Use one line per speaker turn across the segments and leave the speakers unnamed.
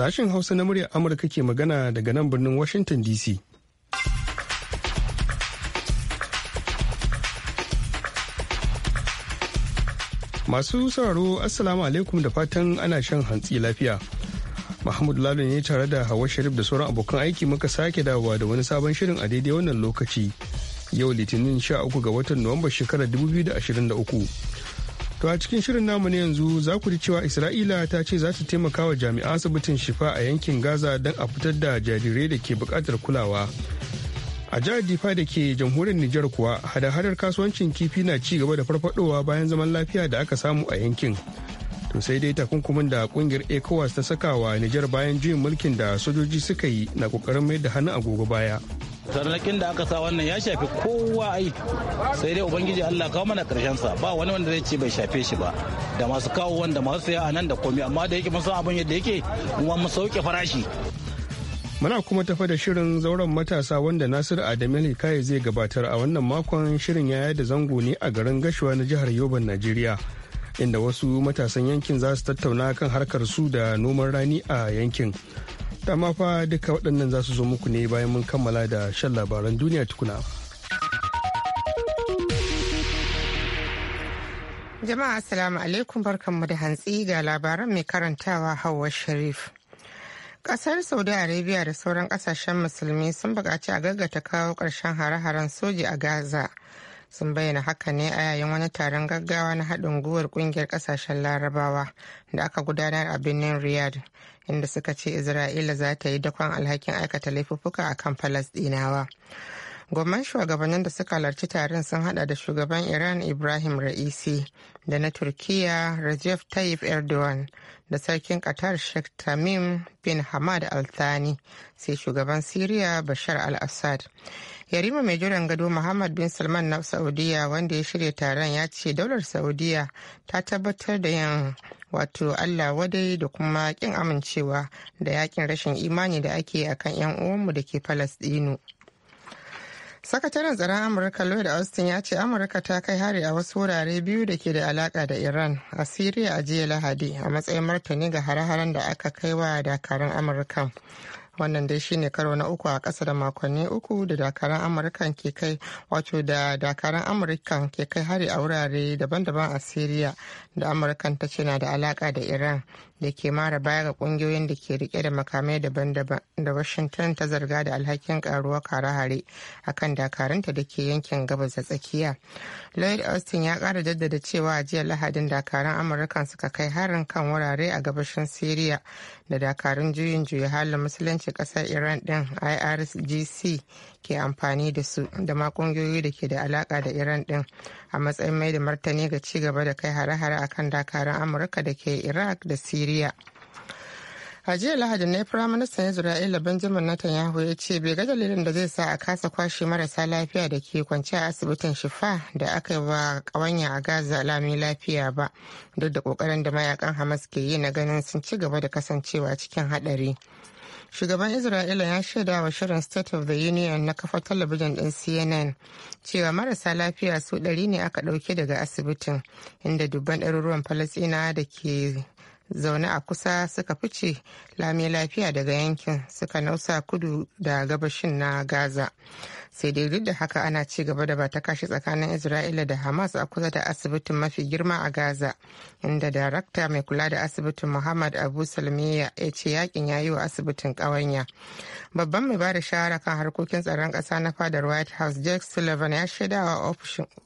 Sashen Hausa na muryar Amurka ke magana daga nan birnin Washington DC. Masu sauraro Assalamu alaikum da fatan ana shan hantsi lafiya. Mahmud lalun ne tare da Hawa Sharif da sauran abokan aiki muka sake dawowa da wani sabon shirin a daidai wannan lokaci. Yau Litinin 13 ga watan Nuwamba shekarar 2023. To a cikin shirin namu ne yanzu za ku ji cewa Isra'ila ta ce za ta taimaka wa jami'an asibitin shifa a yankin Gaza don a fitar da jarirai da ke buƙatar kulawa. A jihar Difa da ke jamhuriyar Nijar kuwa hada-hadar kasuwancin kifi na ci gaba da farfadowa bayan zaman lafiya da aka samu a yankin. To sai dai takunkumin da kungiyar ECOWAS ta saka wa Nijar bayan juyin mulkin da sojoji suka yi na kokarin mai da hannu agogo baya.
tarnakin da aka sa wannan ya shafi kowa ai sai dai ubangiji Allah kawo mana karshen sa ba wani wanda zai ce bai shafe shi ba da masu kawo wanda masu saya a nan da komai amma da yake mun san abin yadda yake kuma mu sauke farashi
Muna kuma tafa da shirin zauren matasa wanda Nasir Adamili kai zai gabatar a wannan makon shirin yaya da zango ne a garin Gashuwa na jihar Yoban, Najeriya. Inda wasu matasan yankin za su tattauna kan harkar su da noman rani a yankin. ma fa duka waɗannan za su zo muku ne bayan mun kammala da shan labaran duniya tukuna.
Jama'a Assalamu alaikum mu da hantsi ga labaran mai karantawa Hauwa Sharif. Kasar Saudi Arabia da sauran kasashen musulmi sun bukaci a gaggata kawo ƙarshen hare-haren soji a Gaza sun bayyana haka ne a yayin wani taron gaggawa na haɗin gwiwar ƙungiyar ƙasashen larabawa da aka gudanar a birnin riyadh inda suka ce isra'ila za ta yi dakon alhakin aikata laifuffuka a kan falasɗinawa gwamnan shugabannin da suka halarci taron sun hada da shugaban Iran Ibrahim Ra'isi da na Turkiya Recep Tayyip Erdogan da sarkin Qatar Sheikh Tamim bin Hamad Al Thani sai shugaban Siriya Bashar al-Assad. Yarima mai jiran gado Muhammad bin Salman na Saudiya wanda ya shirya taron ya ce daular Saudiya ta tabbatar da yin wato Allah wadai da kuma kin amincewa da yakin rashin imani da ake akan 'yan uwanmu da ke Falasɗinu. sakataren tsaron amurka lloyd austin ya ce amurka ta kai hari a wasu wurare biyu da ke da alaka da iran a syria a jiya lahadi a matsayin martani ga hare-haren da aka kai wa dakarun amurka wannan dai shine karo na uku a kasa da makonni uku da dakarun amurkan ke kai wato da dakaran amurkan ke kai hari a wurare daban-daban a syria da amurkan ta ce na da alaka da iran da ke mara baya ga kungiyoyin da ke rike da makamai daban-daban da washington ta zarga da alhakin karuwa kare-hare a kan dakaranta da ke yankin gabas da tsakiya lloyd austin ya kara jaddada cewa a jiya lahadin dakaran amurkan suka kai harin kan wurare a gabashin syria da dakarun juyin juya halin musulunci kasar iran din irgc ke amfani da su da ma kungiyoyi da ke da alaka da iran din a matsayin mai da martani ga ci gaba da kai hare-hare a kan dakarun amurka da ke iraq da syria a jiya lahadi ne firaministan isra'ila benjamin netanyahu ya ce bai ga dalilin da zai sa a kasa kwashe marasa lafiya da ke kwance a asibitin shifa da aka yi wa kawanya a gaza lami lafiya ba duk da kokarin da mayakan hamas ke yi na ganin sun ci gaba da kasancewa cikin hadari. shugaban isra'ila ya shaida wa shirin state of the union na kafar talabijin din cnn cewa marasa lafiya su ɗari ne aka ɗauke daga asibitin inda dubban ɗaruruwan falasina da ke zaune a kusa suka fice lami lafiya daga yankin suka nausa kudu da gabashin na gaza sai dai duk da haka ana ci gaba da bata kashi tsakanin isra'ila da hamas a kusa da asibitin mafi girma a gaza inda darakta mai kula da asibitin muhammad abu salmiya ya ce yakin ya yi wa asibitin kawanya babban mai bada shahara kan harkokin tsaron kasa na fadar white house jack sullivan ya shaidawa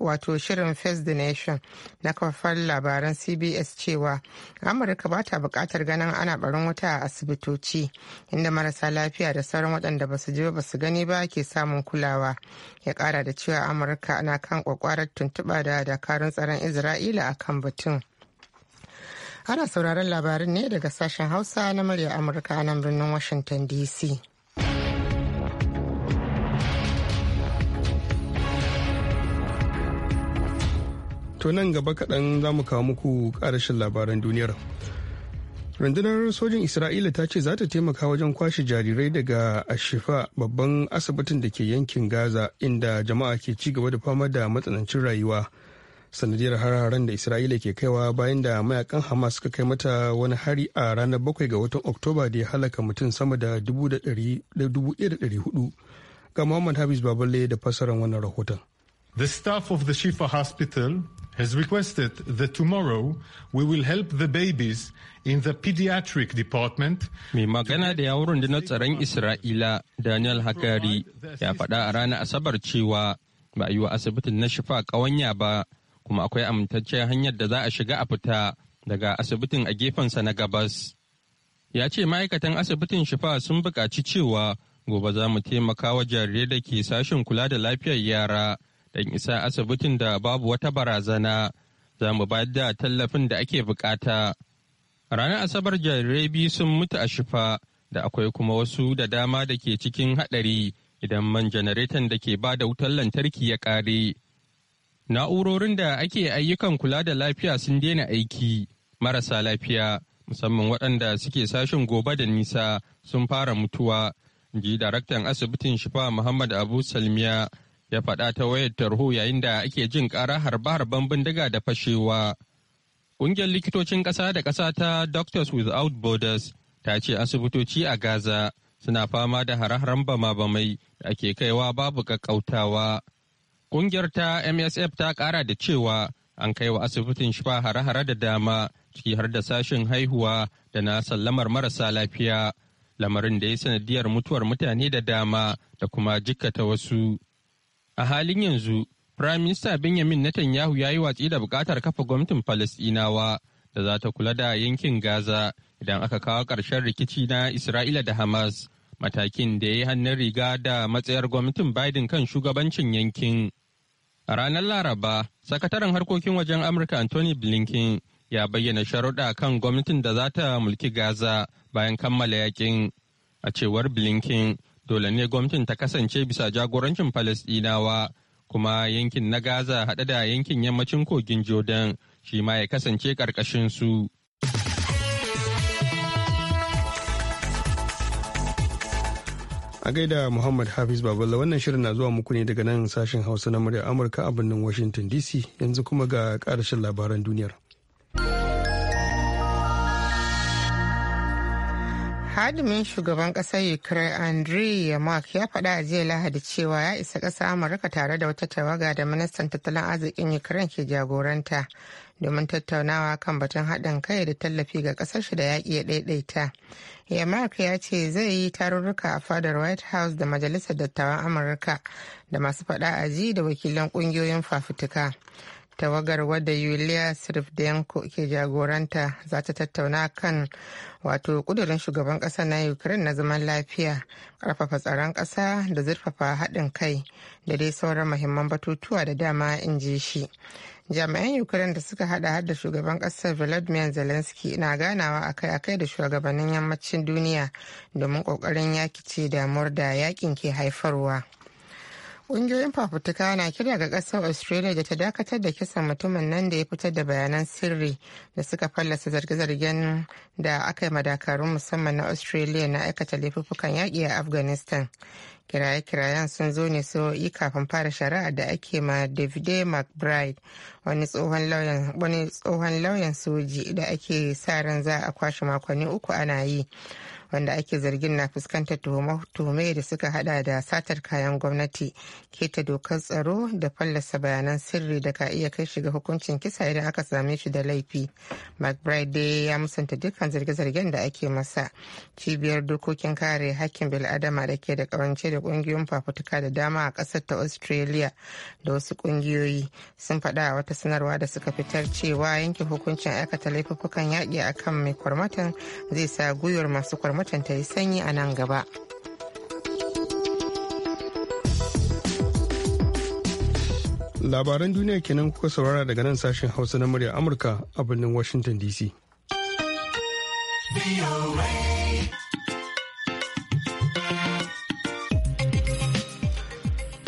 wato shirin face the nation na kafar labaran cbs cewa amurka ba ta buƙatar ganin ana barin wuta a asibitoci inda marasa lafiya da sauran waɗanda ba su je ba su gani ba ke samun kulawa yawa ya kara da cewa amurka na kan kwakwarar tuntuɓa da dakarun tsaron isra'ila a kan batun ana sauraron labarin ne daga sashen hausa na murya amurka a nan birnin washington dc
to nan gaba kaɗan za mu kawo muku ƙarashin labaran duniyar rundunar sojin isra'ila ta ce za ta taimaka wajen kwashe jarirai daga ashifa babban asibitin da ke yankin gaza inda jama'a ke ci gaba da fama da matsanancin rayuwa sanadiyar har-haren da isra'ila ke kaiwa bayan da mayakan hamas suka kai mata wani hari a ranar 7 ga watan oktoba da ya halaka mutum sama da 1,400 ga muhammad habis baballe da fassarar wannan rahoton The staff of the Shifa Hospital
has requested that tomorrow we will help the babies in the pediatric department. Mai magana da yawon rundunar tsaron Isra'ila Daniel Hakari ya faɗa a ranar Asabar cewa ba a yi wa asibitin na shifa kawanya ba kuma akwai amintaccen hanyar da za a shiga a fita daga asibitin a gefensa na gabas. Ya ce ma'aikatan asibitin shifa sun buƙaci cewa gobe za mu taimaka wa jarirai da ke sashen kula da lafiyar yara. dan isa asibitin da babu wata barazana za mu bayar da tallafin da ake bukata. Ranar Asabar jarirai biyu sun mutu a shifa da akwai kuma wasu da dama da ke cikin haɗari idan man janareton da ke ba da wutar lantarki ya ƙare. Na'urorin da ake ayyukan kula da lafiya sun daina aiki marasa lafiya musamman waɗanda suke sashen gobe da nisa sun fara mutuwa. Ji daraktan asibitin shifa Muhammad Abu Salmiya ya faɗa ta wayar tarho yayin da ake jin ƙara harba-harban bindiga da fashewa. Ƙungiyar likitocin ƙasa da ƙasa ta Doctors Without Borders ta ce asibitoci a Gaza suna fama da hare-haren bama-bamai da ake kaiwa babu ƙaƙƙautawa. Ƙungiyar ta MSF ta ƙara da cewa an kai wa asibitin shifa hare-hare da dama ciki har da sashen haihuwa da na sallamar marasa lafiya. Lamarin da ya sanadiyar mutuwar mutane da dama da kuma jikkata wasu. A halin yanzu, Firaminista Benjamin Netanyahu ya yi watsi da bukatar kafa gwamnatin Falasɗinawa da za ta kula da yankin Gaza idan aka kawo ƙarshen rikici na Isra'ila da Hamas, matakin da ya yi hannun riga da matsayar gwamnatin Biden kan shugabancin yankin. A ranar Laraba, sakataren harkokin wajen Amurka Anthony Blinken ya bayyana sharuɗa kan gwamnatin da za ta mulki Gaza bayan kammala yakin. A cewar Blinken, dole ne gwamnatin ta kasance bisa jagorancin Falasɗinawa kuma yankin na Gaza haɗe da yankin yammacin kogin Jordan shi ma ya kasance karkashin su.
A gaida Muhammad Hafiz Baballa wannan shirin na zuwa muku ne daga nan sashen Hausa na murya Amurka a birnin Washington DC yanzu kuma ga ƙarashin labaran duniyar.
hadimin shugaban kasar ukraine andre yamak ya faɗa a jiya lahadi cewa ya isa ƙasar amurka tare da wata tawaga da ministan tattalin arzikin ukraine ke jagoranta domin tattaunawa kan batun haɗin kai da tallafi ga ƙasar shi da yaƙi ya ɗaiɗaita yamak ya ce zai yi tarurruka a fadar white house da majalisar dattawan amurka da masu faɗa a ji da wakilan ƙungiyoyin fafutuka tawagar wadda yulia sirfdenko ke jagoranta za ta tattauna kan wato kudurin shugaban kasa na ukraine na zaman lafiya karfafa tsaron kasa da zurfafa haɗin kai da dai sauran mahimman batutuwa da dama in ji shi jami'an ukraine da suka hada hada shugaban kasar vladimir zelensky na ganawa akai-akai da shugabannin yammacin duniya domin kokarin ce damuwar da yakin ke haifarwa. Ƙungiyoyin fafutuka na kira ga ƙasar Australia da ta dakatar da kisan mutumin nan da ya fitar da bayanan sirri da suka fallasa zarge-zargen da aka yi madakarun musamman na Australia na aikata laifuffukan yaƙi a Afghanistan. Kiraye-kirayen sun zo ne yi kafin fara shari'a da ake ma Davide McBride wani tsohon lauyan soji da ake sa ran za a kwashe makonni uku ana yi. wanda ake zargin na fuskantar tuhume da suka hada da satar kayan gwamnati keta dokar tsaro da fallasa bayanan sirri da ka iya kai shiga hukuncin kisa idan aka same shi da laifi mcbride ya musanta dukkan zarge-zargen da ake masa cibiyar dokokin kare hakkin bil'adama da ke da kawance da kungiyoyin fafutuka da dama a kasar ta australia da wasu kungiyoyi sun faɗa a wata sanarwa da suka fitar cewa yanke hukuncin aikata laifuffukan yaƙi akan mai kwarmatan zai sa gwiwar masu kwarmatan watan ta yi sanyi a nan gaba.
Labaran duniya kenan kuka saurara daga nan sashen Hausa na murya Amurka a birnin Washington DC.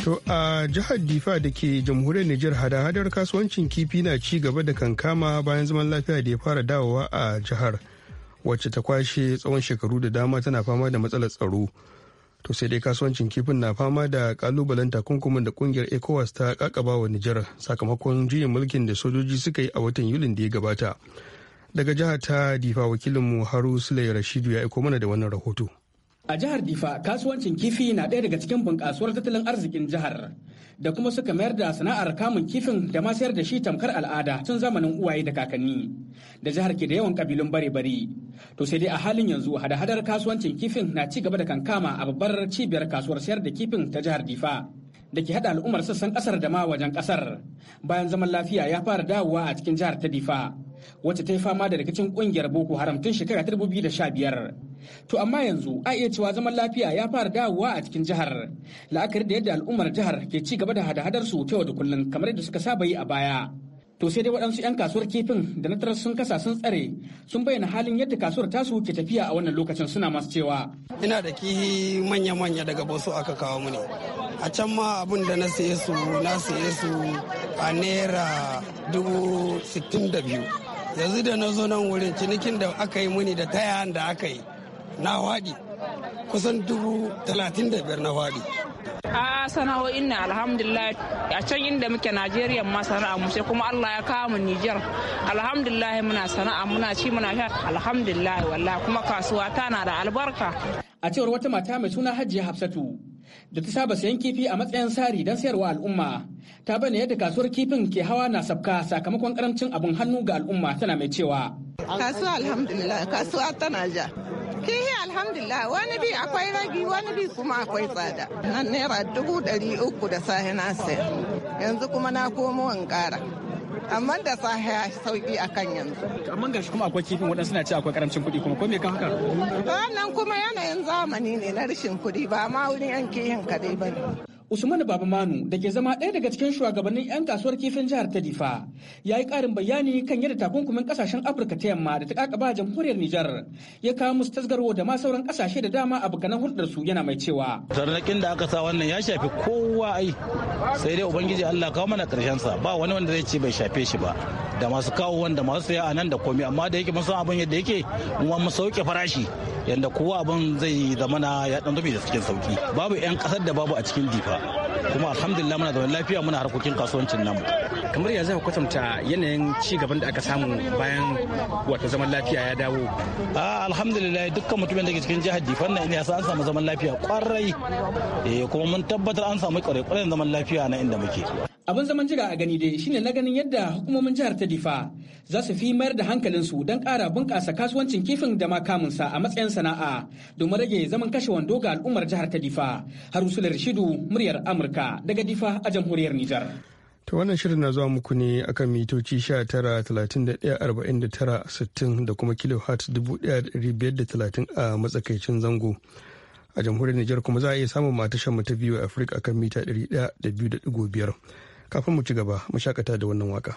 To a jihar Difa da ke jamhuriyar Nijar hada-hadar kasuwancin kifi na ci gaba da kankama bayan zaman lafiya da ya fara dawowa a jihar. wacce ta kwashe tsawon shekaru da dama tana fama da matsalar tsaro to sai dai kasuwancin kifin na fama da kalubalen takunkumin da kungiyar ecowas ta kakaba wa nijar sakamakon juyin mulkin da sojoji suka yi a watan yulin da ya gabata daga jihar ta difa wakilinmu haru sule rashidu ya aiko mana da wannan rahoto
A jihar Difa kasuwancin kifi na ɗaya daga cikin bunƙasuwar tattalin arzikin jihar da kuma suka mayar da sana'ar kamun kifin da ma sayar da shi tamkar al'ada tun zamanin uwaye da kakanni da jihar ke da yawan ƙabilun bare-bare. To sai dai a halin yanzu hada-hadar kasuwancin kifin na ci gaba da kankama a babbar cibiyar kasuwar sayar da kifin ta jihar Difa. da ke haɗa al'ummar sassan ƙasar da ma wajen ƙasar bayan zaman lafiya ya fara dawowa a cikin jihar ta difa wacce ta yi fama da rikicin kungiyar boko haram tun shekara ta dubu biyu da sha biyar to amma yanzu a iya cewa zaman lafiya ya fara dawowa a cikin jihar la'akari da yadda al'ummar jihar ke ci gaba da hada-hadar su ta da kullum kamar yadda suka saba yi a baya to sai dai waɗansu 'yan kasuwar kifin da na tarar sun kasa sun tsare sun bayyana halin yadda kasuwar tasu ke tafiya a wannan lokacin suna masu cewa ina da kihi manya-manya daga boso aka kawo mu a can ma abin da na saye su na saye su a naira
dubu sittin da biyu yanzu da na zo nan wurin cinikin da aka yi muni da tayan da aka yi na waɗi kusan dubu talatin da biyar na waɗi
a sana'o'in na alhamdulillah a can inda muke najeriya ma sana'a mu sai kuma allah ya kawo mu nijar alhamdulillah muna sana'a muna ci muna sha alhamdulillah wallahi kuma kasuwa tana da albarka a cewar wata mata mai suna hajiya hafsatu da ta saba sayan kifi a matsayin sari don sayarwa al'umma ta bane yadda kasuwar kifin ke hawa na sabka sakamakon karamcin abin hannu ga al'umma tana mai cewa
kasuwa alhamdulillah kasuwa tana ja kihi alhamdulillah wani bi akwai ragi wani bi kuma akwai tsada nan naira dubu ɗari uku da sahi na sayar yanzu kuma na komo in kara amma da sa ya sauki kan yanzu
amma gashi kuma akwai kifin waɗansu na ce akwai karamcin kuɗi kuma ko me ka haka wannan
kuma yanayin zamani ne na rashin kuɗi ba ma wurin yan kihin kaɗai ba ne
Usman Babamanu da ke zama ɗaya daga cikin shugabannin 'yan kasuwar kifin jihar ta Difa ya yi ƙarin bayani kan yadda takunkumin ƙasashen Afirka ta yamma da ta ba jamhuriyar Nijar ya kawo musu tasgarwo da ma sauran ƙasashe da dama a bukanan hulɗar su yana mai cewa.
Zarnakin da aka sa wannan ya shafi kowa ai sai dai Ubangiji Allah kawo mana ƙarshen sa ba wani wanda zai ce bai shafe shi ba da masu kawo wanda masu saya a nan da komai amma da yake mun san abin yadda yake mun sauke farashi yadda kowa abin zai zamana ya ɗan da cikin sauki babu 'yan ƙasar da babu a cikin difa kuma alhamdulillah muna zaman lafiya muna harkokin kasuwancin namu kamar yanzu ka kwatanta yanayin ci gaban da aka samu bayan wato zaman lafiya ya dawo alhamdulillah dukkan mutumin da ke cikin jihar difan na ya an samu zaman lafiya kwarai eh, kuma mun tabbatar an samu kwarai kwarai zaman lafiya na inda muke
abin zaman jira a gani dai shine na ganin yadda hukumomin jihar ta difa za su fi mayar da hankalinsu don kara bunƙasa kasuwancin kifin da ma kamunsa a matsayin sana'a domin rage zaman kashe wando ga al'ummar jihar ta difa harusular rashidu muryar amurka daga difa a jamhuriyar nijar
ta wannan shirin na zuwa muku ne akan mitoci 19,31,49,60 da kuma kilohertz 1,530 a matsakaicin zango. A jamhuriyar Nijar kuma za a iya samun matashan mu ta biyu a Afirka akan mita da 2.5. kafin mu ci gaba mu shakata da wannan waka.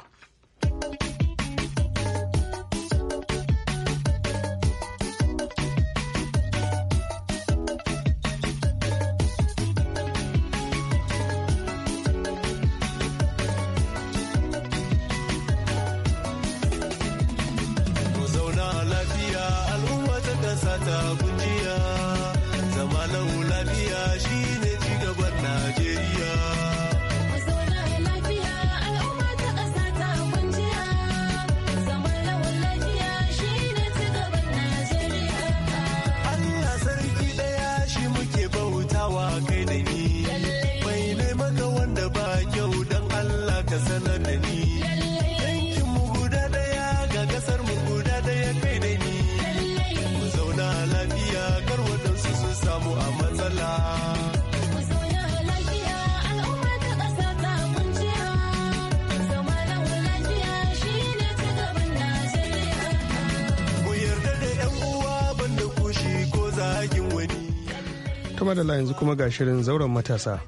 da yanzu kuma ga shirin zauren matasa.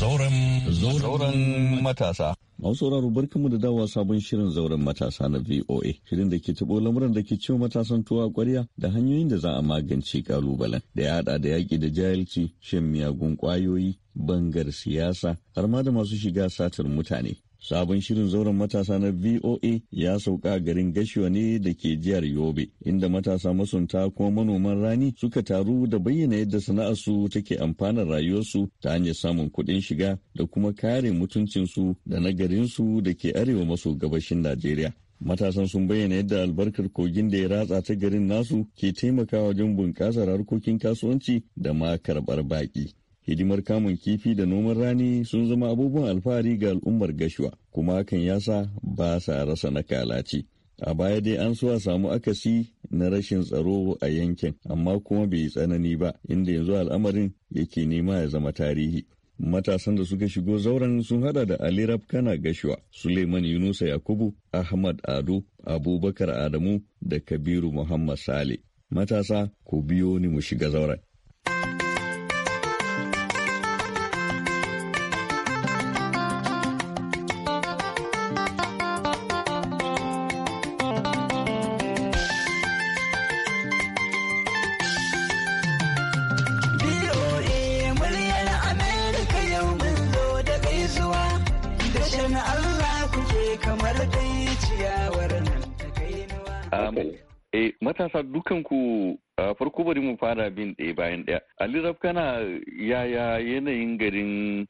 Zauren matasa. sauraro barkanmu da dawowa sabon shirin zauren matasa na VOA. Shirin da ke tabo lamuran da ke ciwo matasan tuwa ƙwarya da hanyoyin da za a magance ƙalubalen da ya haɗa da yaƙi da jahilci, shan miyagun kwayoyi bangar siyasa, har ma da masu shiga satar mutane. Sabon shirin zauren matasa na VOA ya sauka garin Gashiwa ne da ke jihar Yobe, inda matasa masunta kuma manoman rani suka taru da bayyana yadda sana'arsu take amfanar rayuwarsu ta hanyar samun kuɗin shiga da kuma kare mutuncinsu da na garinsu da ke arewa maso gabashin Najeriya. Matasan sun bayyana yadda albarkar kogin da ya ratsa ta garin nasu ke taimakawa wajen bunƙasar harkokin kasuwanci da ma karɓar baƙi. hidimar kamun kifi da noman rani sun zama abubuwan alfahari ga al'ummar gashuwa kuma hakan ya sa ba sa rasa nakalaci a baya dai an so a samu akasi na rashin tsaro a yankin amma kuma bai tsanani ba inda yanzu al'amarin yake nema ya zama tarihi matasan da suka shigo zauren sun hada da Ali Rabkana Gashuwa, Suleiman Yunusa Yakubu, Ahmad Ado, Abubakar Adamu da Kabiru Muhammad Sale. Matasa, ku biyo ni mu shiga zauren.
matasa dukanku farko bari mu fara bin ɗaya bayan ɗaya. Ali Rafkana yaya yanayin garin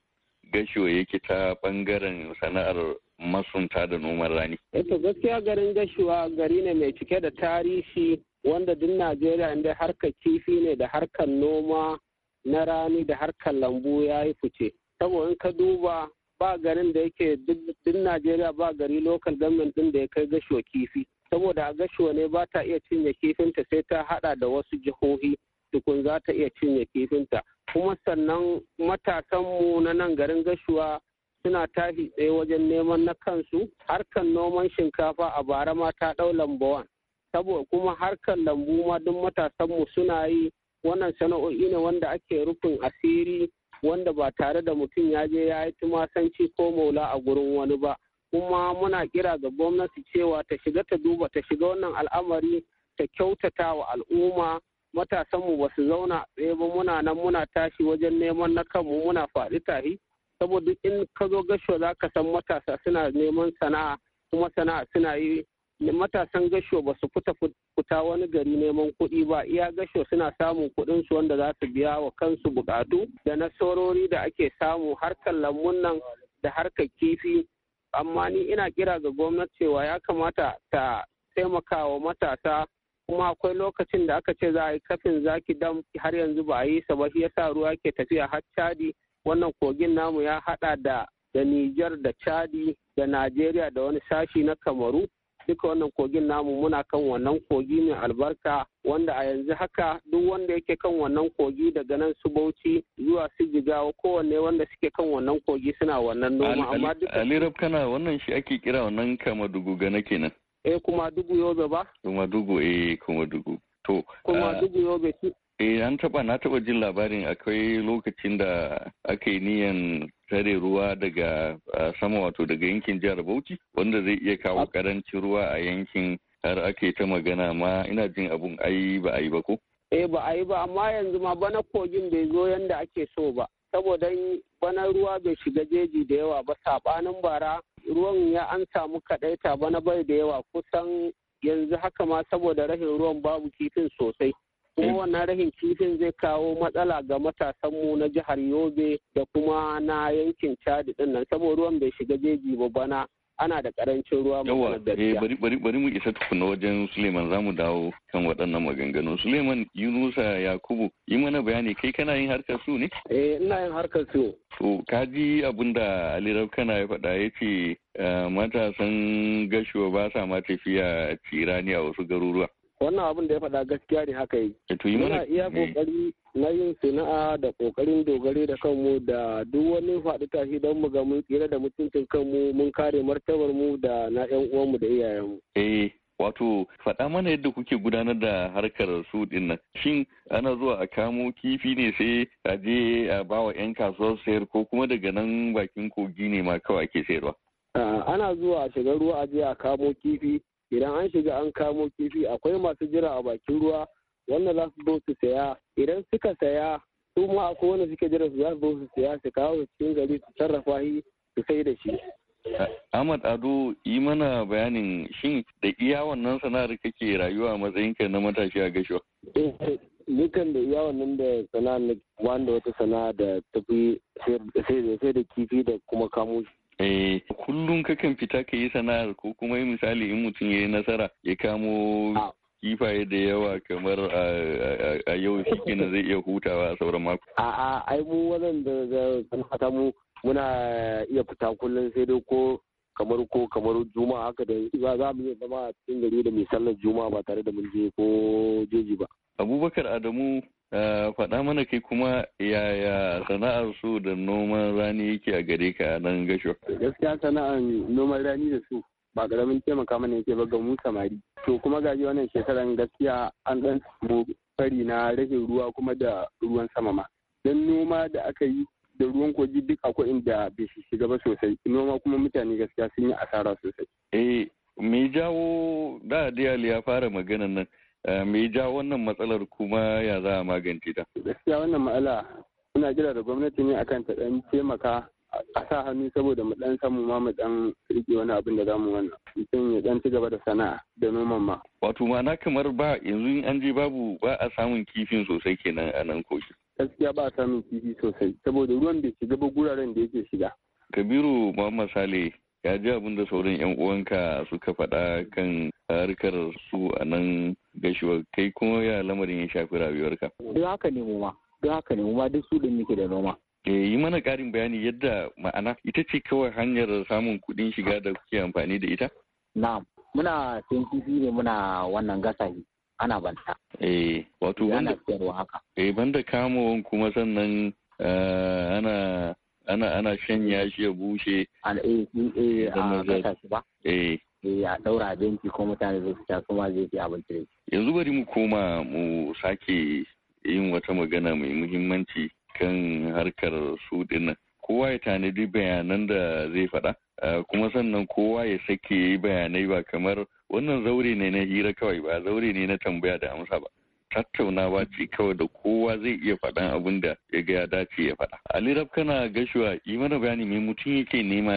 gashiwa yake ta ɓangaren sana'ar masunta da noman rani.
Eto eh, gaskiya garin gashiwa gari ne mai cike da tarihi wanda duk Najeriya inda harkar kifi ne da harkar noma na rani da harkar lambu ya yi fice. Saboda in ka duba ba garin da yake duk Najeriya ba gari local gamin din da ya kai gashiwa kifi. saboda a gashuwa ne ba ta iya cinye kifinta sai ta hada da wasu jihohi tukun za ta iya cinye kifinta kuma sannan matakanmu na nan garin gashuwa suna tashi tsaye wajen neman na kansu harkar noman shinkafa a bara ma ta ɗau lambawan saboda kuma harkar lambu ma duk matasanmu suna yi wannan sana'o'i ne wanda ake rufin asiri wanda ba tare da mutum ya je ya yi tumasanci ko maula a gurin wani ba kuma muna kira ga gwamnati cewa ta shiga ta duba ta shiga wannan al'amari ta kyautata wa al'umma matasanmu ba su zauna tsaye ba muna nan muna tashi wajen neman na kanmu muna faɗi tahi saboda in ka zo gasho za ka san matasa suna neman sana'a kuma sana'a suna yi matasan gasho ba su fita fita wani gari neman kuɗi ba iya gasho suna samun kuɗin su wanda za su biya wa kansu bukatu da nasarori da ake samu harkar lamun nan da harkar kifi amma ni ina kira ga gwamnati cewa ya kamata ta taimaka wa matasa kuma akwai lokacin da aka ce za a yi kafin zaki dam har yanzu ba a yi sa ba shi yasa ruwa ke tafiya har chadi wannan kogin namu ya hada da da Nijar da Chadi da Najeriya da wani sashi na Kamaru duka wannan kogin namu muna kan wannan kogi mai albarka wanda a yanzu haka duk wanda yake kan wannan kogi daga nan su bauchi zuwa su jigawa kowanne wanda suke kan wannan kogi suna wannan noma amma duka
alirab kana wannan shi ake kira wannan kama dugu gana kenan
eh kuma dugu yobe ba
kuma dugu eh kuma dugu to kuma dugu ah, yobe Eh an taba na taba jin labarin akwai lokacin da aka yi niyan tare ruwa daga sama wato daga yankin jihar Bauchi wanda zai iya kawo karancin ruwa a yankin har ake ta magana ma ina jin abun ai ba a yi ba ko?
Eh ba a yi ba amma yanzu ma bana kogin bai zo yanda ake so ba saboda bana ruwa bai shiga jeji da yawa ba sabanin bara ruwan ya an samu kadaita bana bai da yawa kusan yanzu haka ma saboda rashin ruwan babu kifin sosai kuma eh. wannan rahin kifin zai kawo matsala ga matasanmu na jihar yobe da kuma na yankin chadi din nan saboda ruwan bai shiga jeji ba bana ana da karancin ruwa yawa eh, bari
bari bari mu isa tukuna wajen Suleiman zamu dawo kan waɗannan maganganu Suleiman Yunusa Yakubu yi mana bayani kai kana yin harkar su ne eh
ina yin harkar su
to ka ji abin da Ali kana ya faɗa yace eh, matasan gashuwa ba sa ma tafiya a wasu garuruwa wannan abin
da ya faɗa gaskiya ne haka eh,
yi muna iya kokari
eh. na yin sana'a da kokarin dogare da kanmu da duk wani faɗi tashi don mu ga mun tsira da mutuncin kanmu mun kare martabar mu da na yan uwanmu da iyayenmu
eh wato faɗa mana yadda kuke gudanar da harkar su din nan shin ana zuwa a kamo kifi ne sai a je a bawa 'yan kasuwar sayar ko kuma daga nan bakin kogi ne ma kawai ake sayarwa
ana zuwa a shiga ruwa a je a kamo kifi idan an shiga an kamo kifi akwai masu jira a bakin ruwa wanda za su zo su saya idan suka saya su ma akwai wanda suke jira su za su zo su saya su kawo su cikin gari su sarrafa shi su sai da shi
Ahmad Ado yi mana bayanin shin da iya wannan sana'ar kake rayuwa a matsayinka na matashi a gashuwa.
Eh, Dukan da iya wannan da sana'ar wanda wata sana'a da tafi sai da kifi da kuma kamo shi.
Eh, kullum kakan fita ka yi sana'ar ko kuma misali in mutum ya yi nasara ya kamo ah. kifaye da yawa kamar a yau shi kenan zai iya hutawa a sauran mako. A'a, ai mu
wannan da mu muna iya fita kullum sai dai ko kamar ko kamar juma'a haka da za mu iya zama a cikin gari da mai sallar juma'a ba tare da mun je ko
jeji ba. Abubakar Adamu Eh, faɗa mana kai kuma yaya sana'ar su da noman rani yake a gare ka nan gasho.
Gaskiya sana'ar noman rani da su ba ƙaramin taimaka mana yake ba ga mu samari. To kuma gaji wannan shekaran gaskiya an ɗan samu fari na rashin ruwa kuma da ruwan sama ma. Dan noma da aka yi da ruwan kogi duk akwai inda bai shiga ba sosai. Noma kuma mutane gaskiya sun yi
asara sosai. Eh, me jawo da ya fara maganan nan. Eh, me ja wannan matsalar kuma ya za a magance ta?
Gaskiya wannan ma'ala muna kira da gwamnati ne akan ta dan taimaka a sa hannu saboda mu dan samu ma mu dan rike wani abin da zamu wannan mutum ya dan ci gaba da sana'a
da noman ma wato ma na kamar ba yanzu in an je babu ba a samun kifin sosai kenan a nan koki.
gaskiya ba a samun kifi sosai saboda ruwan bai shiga ba guraren da yake shiga
kabiru muhammad sale Ya ji abin da sauran yan uwanka suka faɗa kan harkar su a nan gashiwa kai kuma ya lamarin ya shafi rayuwarka
duk haka ne mu ma duk haka ne mu ma duk su din muke da noma
eh, yi mana ƙarin bayani yadda ma'ana ita ce kawai hanyar samun kuɗin shiga da kuke amfani da ita
na'am muna sayan ne muna wannan gasahi ana
banta
eh wato banda haka eh banda kamun kuma sannan eh, ana ana ana shanya shi ya bushe
an eh eh a
ba eh
eh a daura abinci ko mutane zai fita kuma zai fi abinci
yanzu bari mu koma mu sake yin wata magana mai muhimmanci kan harkar su dinnan kowa ya tanadi bayanan da zai faɗa kuma sannan kowa ya sake bayanai ba kamar wannan zaure ne na hira kawai ba zaure ne na tambaya da amsa ba tattaunawa ce kawai da kowa zai iya faɗan abin da ya ga ya dace ya faɗa. Ali Rab kana gashuwa yi mana bayani mai mutum yake nema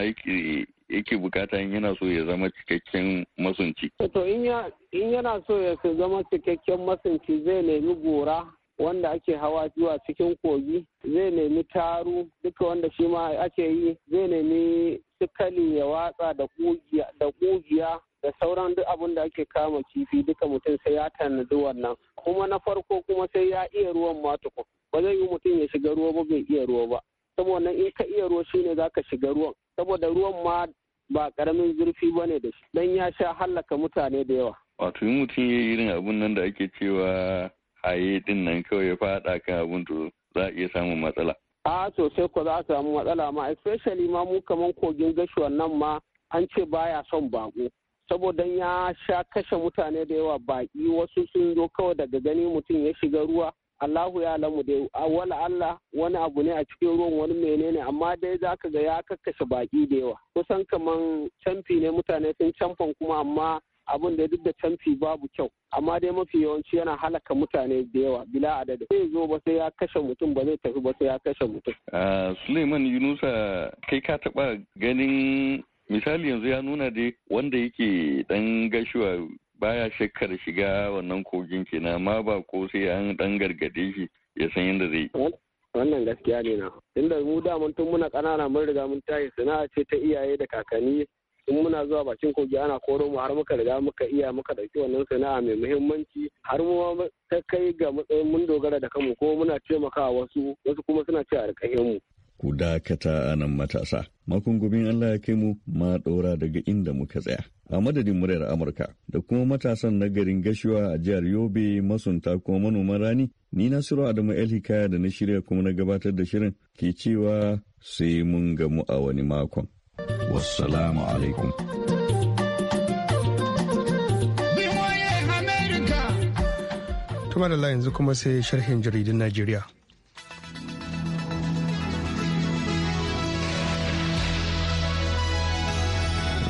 yake bukata in yana so ya zama cikakken masunci.
To in yana so ya zama cikakken masunci zai nemi gora wanda ake hawa zuwa cikin kogi zai nemi taru duka wanda shi ma ake yi zai nemi sikali ya watsa da kugiya da sauran duk abin da ake kama kifi duka mutum sai ya tanadi wannan kuma na farko kuma sai ya iya ruwan ma tukun ba zai yi mutum ya shiga ruwa ba bai iya ruwa ba saboda in ka iya ruwa shine ka shiga ruwan saboda ruwan ma ba karamin zurfi bane da shi dan ya sha hallaka mutane da yawa
wato in mutum ya irin abun nan da ake cewa haye din nan kawai ya fada kan abun to za a iya samun matsala
a sosai ko za a samu matsala ma especially ma mu kaman kogin gashuwan nan ma an ce baya son bako saboda ya sha kashe mutane da yawa baƙi wasu sun zo kawai daga gani mutum ya shiga ruwa Allahu ya alamu dai wala Allah wani abu ne a cikin ruwan wani menene amma dai za ka ga ya kakkashe baƙi da yawa kusan kamar camfi ne mutane sun camfan kuma amma abin da duk da canfi babu kyau amma dai mafi yawanci yana halaka mutane da yawa bila adadin zai zo ba sai ya kashe mutum ba zai tafi ba sai ya kashe mutum.
Ah, suleiman yunusa kai ka taba ganin misali yanzu ya nuna dai wanda yake dan gashuwa baya shakkar shiga wannan kogin kenan amma ba ko sai an dan gargade shi ya san yadda zai
wannan gaskiya ne na inda mu da mun tun muna kanana mun riga mun tashi sana'a ce ta iyaye da kakanni in muna zuwa bakin kogi ana koro mu har muka riga muka iya muka dauki wannan sana'a mai muhimmanci har mu ta kai ga matsayin mun dogara da kanmu ko muna taimakawa wasu wasu kuma suna ce a
mu ku dakata a nan matasa. Makon Allah ya kai mu ma ɗora daga inda muka tsaya. A madadin muryar Amurka da kuma matasan na garin Gashuwa a jihar Yobe masunta kuma manoman rani, ni Nasiru Adamu El Hikaya da na shirya kuma na gabatar da shirin ke cewa sai mun gamu a wani makon. Wassalamu alaikum.
Tumar da yanzu kuma sai sharhin jaridun Najeriya.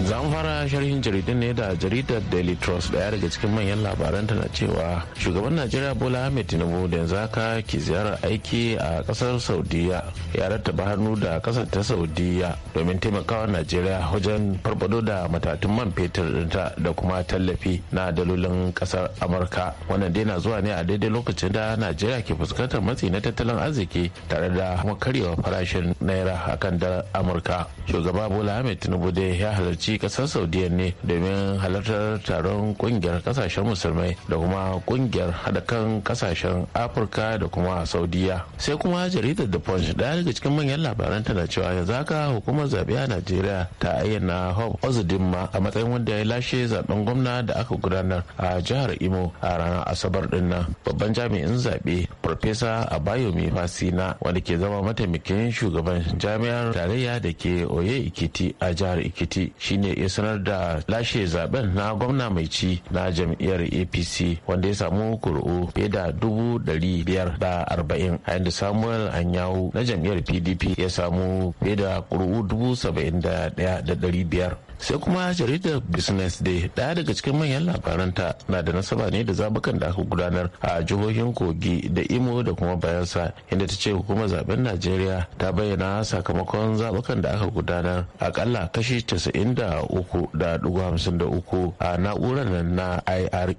za mu fara sharhin jaridun ne da jaridar daily trust daya daga cikin manyan labaran na cewa shugaban najeriya bola ahmed tinubu da yanzu haka ke ziyarar aiki a kasar saudiya ya rattaba hannu da kasar ta saudiya domin taimakawa najeriya wajen farfado da matatun man fetur ɗinta da kuma tallafi na dalolin kasar amurka wannan dai na zuwa ne a daidai lokacin da najeriya ke fuskantar matsi na tattalin arziki tare da kuma karyewa farashin naira akan dalar amurka shugaba bola ahmed tinubu dai ya halarci kasar saudiya ne domin halartar taron kungiyar kasashen musulmai da kuma kungiyar hada kan kasashen afirka da kuma saudiya sai kuma jaridar the punch daga cikin manyan labaran tana cewa yanzu haka hukumar zaɓe a najeriya ta ayyana hob ozudinma a matsayin wanda ya lashe zaben gwamna da aka gudanar a jihar imo a ranar asabar din nan babban jami'in zaɓe farfesa abayomi fasina wanda ke zama mataimakin shugaban jami'ar tarayya da ke oye ikiti a jihar ikiti shine ya sanar da lashe zaben na gwamna mai ci na jam'iyyar apc wanda ya samu kuri'u fiye da dubu dari biyar da arba'in a yadda samuel anyawu na jam'iyyar jam'iyyar pdp ya samu fiye da dubu saba'in da ɗaya da ɗari biyar sai kuma jaridar business day daya daga cikin manyan labaranta na da nasaba ne da zabukan da aka gudanar a jihohin kogi da imo da kuma bayansa inda ta ce hukumar zaben najeriya ta bayyana sakamakon zabukan da aka gudanar akalla kashi 93.53 a na'urar nan na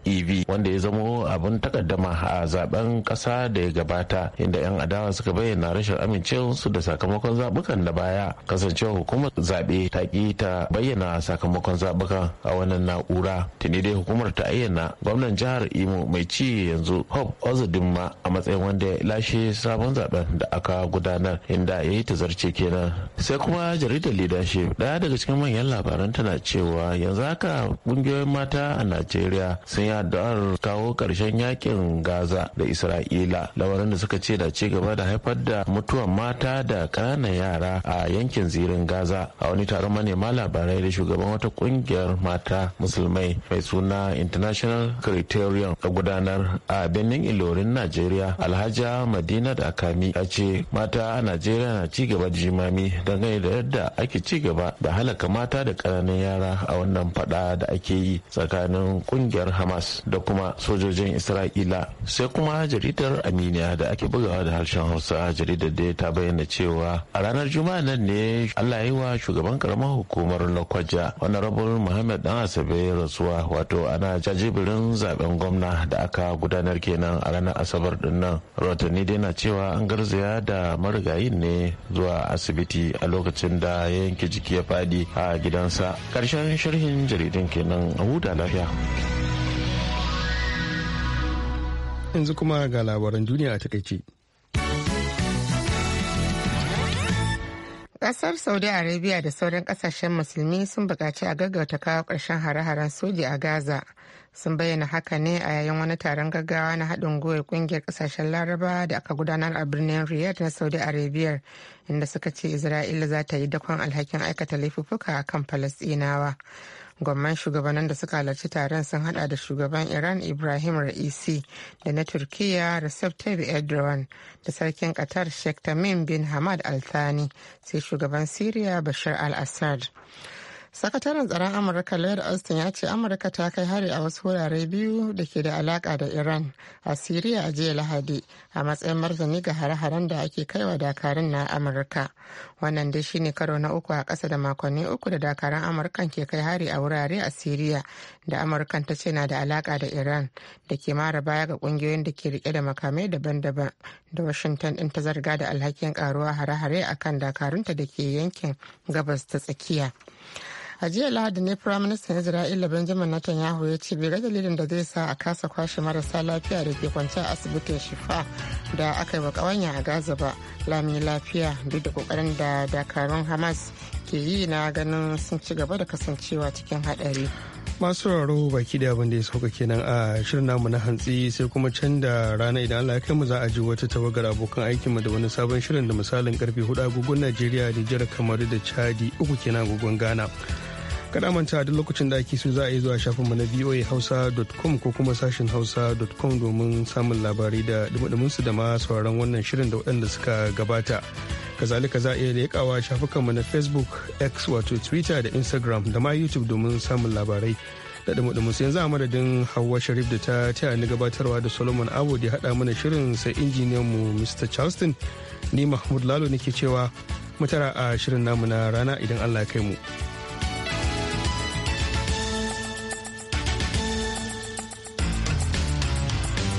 irev wanda ya zamo abin takaddama a zaben kasa da ya gabata inda 'yan adawa suka bayyana rashin amincewarsu da sakamakon zabukan da baya kasancewa hukumar zaɓe ta ki ta bayyana nuna sakamakon zaɓuka a wannan na'ura tuni dai hukumar ta ayyana gwamnan jihar imo mai ci yanzu hope ozudinma a matsayin wanda ya lashe sabon zaben da aka gudanar inda ya yi tazarce kenan sai kuma jaridar leadership daya daga cikin manyan labaran tana cewa yanzu haka kungiyoyin mata a najeriya sun yi addu'ar kawo karshen yakin gaza da isra'ila lamarin da suka ce da ci gaba da haifar da mutuwan mata da ƙananan yara a yankin zirin gaza a wani taron manema labarai da shugaban wata kungiyar mata musulmai mai suna international criterion a gudanar a birnin ilorin nigeria. alhaja madina da akami ya ce mata a nigeria na ci gaba da jimami dangane da yadda ake ci gaba da halaka mata da ƙananan yara a wannan fada da ake yi tsakanin kungiyar hamas da kuma sojojin isra'ila sai kuma jaridar aminiya da ake bugawa da harshen hausa jaridar da ta bayyana cewa a ranar juma'a nan ne allah ya yi wa shugaban karamar hukumar lokwaje Naja Honorable Muhammad Dan Asabe rasuwa wato ana jajibirin zaben gwamna da aka gudanar kenan a ranar Asabar din nan. dai na cewa an garzaya da marigayin ne zuwa asibiti a lokacin da ya yanke jiki ya fadi a gidansa. Karshen sharhin jaridin kenan a huda lafiya. Yanzu
kuma ga labaran duniya a takaice.
kasar Saudi Arabia da sauran kasashen musulmi sun bukaci a gaggauta kawo ƙarshen hare-haren soji a Gaza. Sun bayyana haka ne a yayin wani taron gaggawa na haɗin gwiwar ƙungiyar ƙasashen Laraba da aka gudanar a birnin Riyadh na Saudi Arabia inda suka ce Isra'ila za ta yi dakon alhakin aikata laifuka a kan Falasɗinawa. gwamman shugabannin da suka halarci taron sun hada da shugaban iran ibrahim ra'isi da na turkiya recep tayyip erdogan da sarkin qatar sheikh tamim bin hamad al-thani sai shugaban syria bashar al-assad sakataren tsaron amurka lloyd austin ya ce amurka ta kai hari a wasu wurare biyu da ke da alaka da iran a syria a jiya lahadi a matsayin martani ga hare-haren da ake kaiwa dakarun na amurka wannan dai shine karo na uku a ƙasa da makonni uku da dakarun amurkan ke kai hari a wurare a syria da amurkan ta ce na da alaka da iran da ke mara baya ga kungiyoyin da ke rike da makamai daban-daban da washington din ta zarga da alhakin karuwa hare-hare akan dakarunta da ke yankin gabas ta tsakiya a jiya lahadi ne firaministan isra'ila benjamin netanyahu ya ce bai ga dalilin da zai sa a kasa kwashe marasa lafiya da ke kwance a asibitin shifa da aka yi wa kawanya a gaza ba lami lafiya duk da kokarin da dakarun hamas ke yi na ganin sun ci gaba da kasancewa cikin hadari
masu raro baki da abin da ya sauka kenan a shirin namu na hantsi sai kuma can da rana idan Allah ya kai mu za a ji wata tawagar abokan aikinmu da wani sabon shirin da misalin karfe hudu agogon Najeriya Nijar kamar da Chadi uku kenan agogon Ghana. kada manta duk lokacin da ake so za a yi zuwa shafinmu na hausa.com ko kuma sashin hausa.com domin samun labarai da dumudumunsu da ma sauran wannan shirin da waɗanda suka gabata kazalika za a iya leƙawa shafukanmu na facebook x wato twitter da instagram da ma youtube domin samun labarai da dumudumunsu yanzu a madadin hawa sharif da ta taya ni gabatarwa da solomon abu da haɗa mana shirin sai injiniyan mu mr charleston ni mahmud lalo nake cewa mutara a shirin namu na rana idan allah ya kai mu.